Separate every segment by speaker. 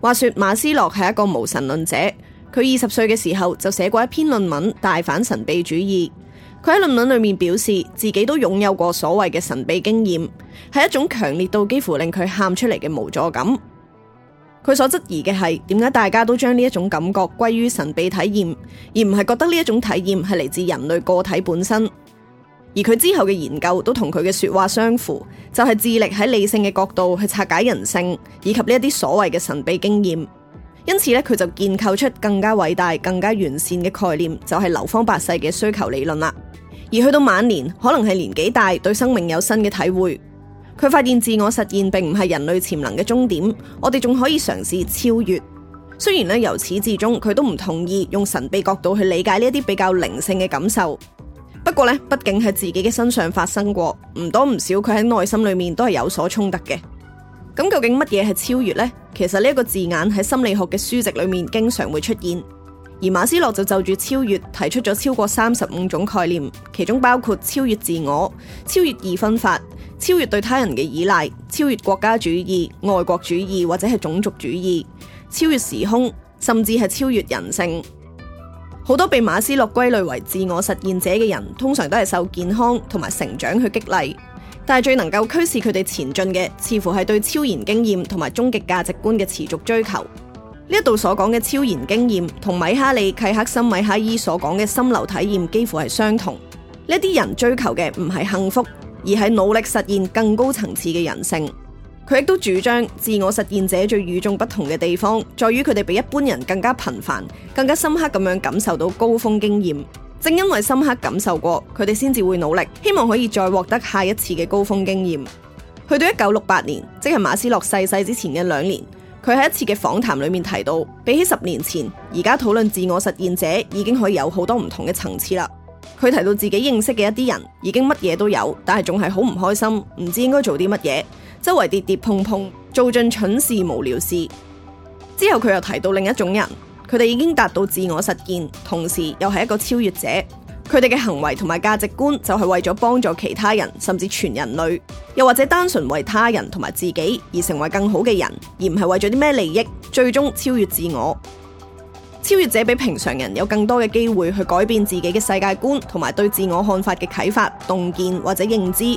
Speaker 1: 話說馬斯洛係一個無神論者，佢二十歲嘅時候就寫過一篇論文，大反神秘主義。佢喺論文裏面表示自己都擁有過所謂嘅神秘經驗，係一種強烈到幾乎令佢喊出嚟嘅無助感。佢所質疑嘅係點解大家都將呢一種感覺歸於神秘體驗，而唔係覺得呢一種體驗係嚟自人類個體本身。而佢之後嘅研究都同佢嘅說話相符，就係致力喺理性嘅角度去拆解人性，以及呢一啲所謂嘅神秘經驗。因此咧，佢就建構出更加偉大、更加完善嘅概念，就係流芳百世嘅需求理論啦。而去到晚年，可能係年紀大，對生命有新嘅體會，佢發現自我實現並唔係人類潛能嘅終點，我哋仲可以嘗試超越。雖然咧，由始至終佢都唔同意用神秘角度去理解呢一啲比較靈性嘅感受。不過咧，畢竟喺自己嘅身上發生過唔多唔少，佢喺內心裏面都係有所衝突嘅。咁究竟乜嘢係超越呢？其實呢一個字眼喺心理學嘅書籍裏面經常會出現，而馬斯洛就就住超越提出咗超過三十五種概念，其中包括超越自我、超越二分法、超越對他人嘅依賴、超越國家主義、愛國主義或者係種族主義、超越時空，甚至係超越人性。好多被馬斯洛歸類為自我實現者嘅人，通常都係受健康同埋成長去激勵，但係最能夠驅使佢哋前進嘅，似乎係對超然經驗同埋終極價值觀嘅持續追求。呢一度所講嘅超然經驗，同米哈里·契克森米哈伊所講嘅心流體驗幾乎係相同。呢啲人追求嘅唔係幸福，而係努力實現更高層次嘅人性。佢亦都主張，自我實現者最與眾不同嘅地方，在於佢哋比一般人更加頻繁、更加深刻咁樣感受到高峰經驗。正因為深刻感受過，佢哋先至會努力，希望可以再獲得下一次嘅高峰經驗。去到一九六八年，即係馬斯洛逝世之前嘅兩年，佢喺一次嘅訪談裏面提到，比起十年前，而家討論自我實現者已經可以有好多唔同嘅層次啦。佢提到自己認識嘅一啲人，已經乜嘢都有，但係仲係好唔開心，唔知應該做啲乜嘢。周圍跌跌碰碰，做盡蠢事無聊事。之後佢又提到另一種人，佢哋已經達到自我實現，同時又係一個超越者。佢哋嘅行為同埋價值觀就係為咗幫助其他人，甚至全人類，又或者單純為他人同埋自己而成為更好嘅人，而唔係為咗啲咩利益。最終超越自我，超越者比平常人有更多嘅機會去改變自己嘅世界觀，同埋對自我看法嘅啟發、洞見或者認知。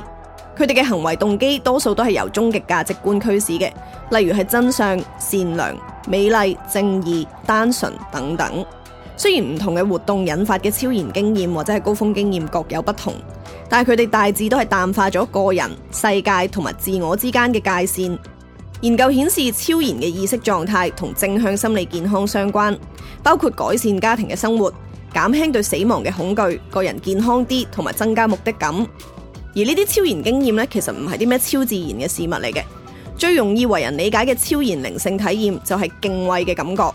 Speaker 1: 佢哋嘅行為動機多數都係由終極價值觀驅使嘅，例如係真相、善良、美麗、正義、單純等等。雖然唔同嘅活動引發嘅超然經驗或者係高峰經驗各有不同，但係佢哋大致都係淡化咗個人、世界同埋自我之間嘅界線。研究顯示，超然嘅意識狀態同正向心理健康相關，包括改善家庭嘅生活、減輕對死亡嘅恐懼、個人健康啲同埋增加目的感。而呢啲超然經驗咧，其實唔係啲咩超自然嘅事物嚟嘅。最容易為人理解嘅超然靈性體驗，就係敬畏嘅感覺。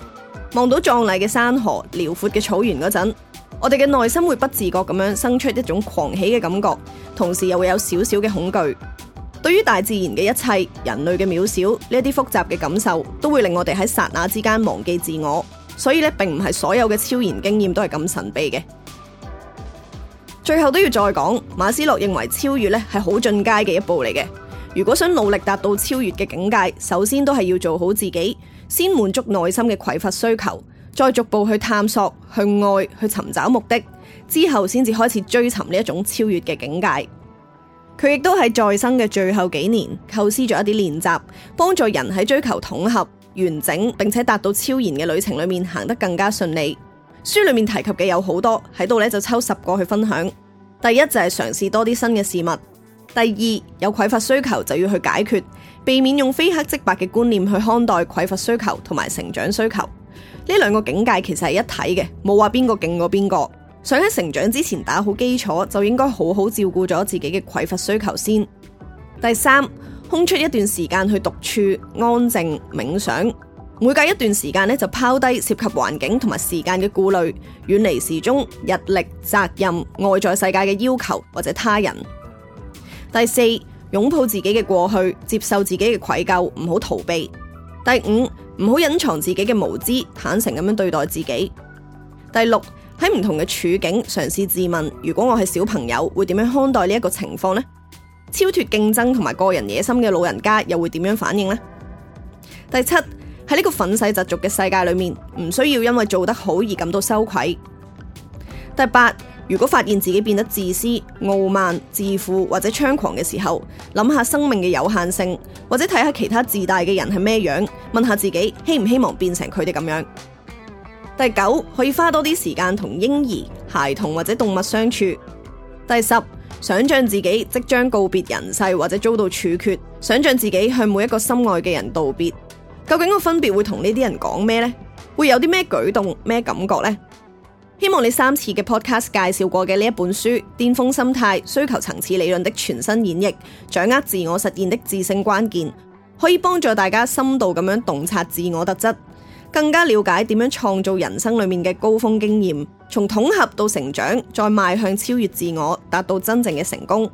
Speaker 1: 望到壯麗嘅山河、遼闊嘅草原嗰陣，我哋嘅內心會不自覺咁樣生出一種狂喜嘅感覺，同時又會有少少嘅恐懼。對於大自然嘅一切、人類嘅渺小呢啲複雜嘅感受，都會令我哋喺剎那之間忘記自我。所以咧，並唔係所有嘅超然經驗都係咁神秘嘅。最後都要再講，馬斯洛認為超越咧係好進階嘅一步嚟嘅。如果想努力達到超越嘅境界，首先都係要做好自己，先滿足內心嘅匱乏需求，再逐步去探索、去愛、去尋找目的，之後先至開始追尋呢一種超越嘅境界。佢亦都喺再生嘅最後幾年，構思咗一啲練習，幫助人喺追求統合、完整，並且達到超然嘅旅程裏面行得更加順利。書裏面提及嘅有好多喺度咧，就抽十個去分享。第一就係嘗試多啲新嘅事物。第二有匱乏需求就要去解決，避免用非黑即白嘅觀念去看待匱乏需求同埋成長需求。呢兩個境界其實係一體嘅，冇話邊個勁過邊個。想喺成長之前打好基礎，就應該好好照顧咗自己嘅匱乏需求先。第三，空出一段時間去獨處、安靜冥想。每隔一段時間咧，就拋低涉及環境同埋時間嘅顧慮，遠離時鐘、日曆、責任、外在世界嘅要求或者他人。第四，擁抱自己嘅過去，接受自己嘅愧疚，唔好逃避。第五，唔好隱藏自己嘅無知，坦誠咁樣對待自己。第六，喺唔同嘅處境嘗試自問：「如果我係小朋友，會點樣看待呢一個情況呢？」「超脫競爭同埋個人野心嘅老人家又會點樣反應呢？」第七。喺呢個憤世嫉俗嘅世界裏面，唔需要因為做得好而感到羞愧。第八，如果發現自己變得自私、傲慢、自負或者猖狂嘅時候，諗下生命嘅有限性，或者睇下其他自大嘅人係咩樣，問下自己希唔希望變成佢哋咁樣。第九，可以花多啲時間同嬰兒、孩童或者動物相處。第十，想象自己即將告別人世或者遭到處決，想象自己向每一個心愛嘅人道別。究竟我分別會同呢啲人講咩呢？會有啲咩舉動、咩感覺呢？希望你三次嘅 podcast 介紹過嘅呢一本書《巔峰心態：需求層次理論的全新演繹》，掌握自我實現的致勝關鍵，可以幫助大家深度咁樣洞察自我特質，更加了解點樣創造人生裏面嘅高峰經驗，從統合到成長，再邁向超越自我，達到真正嘅成功。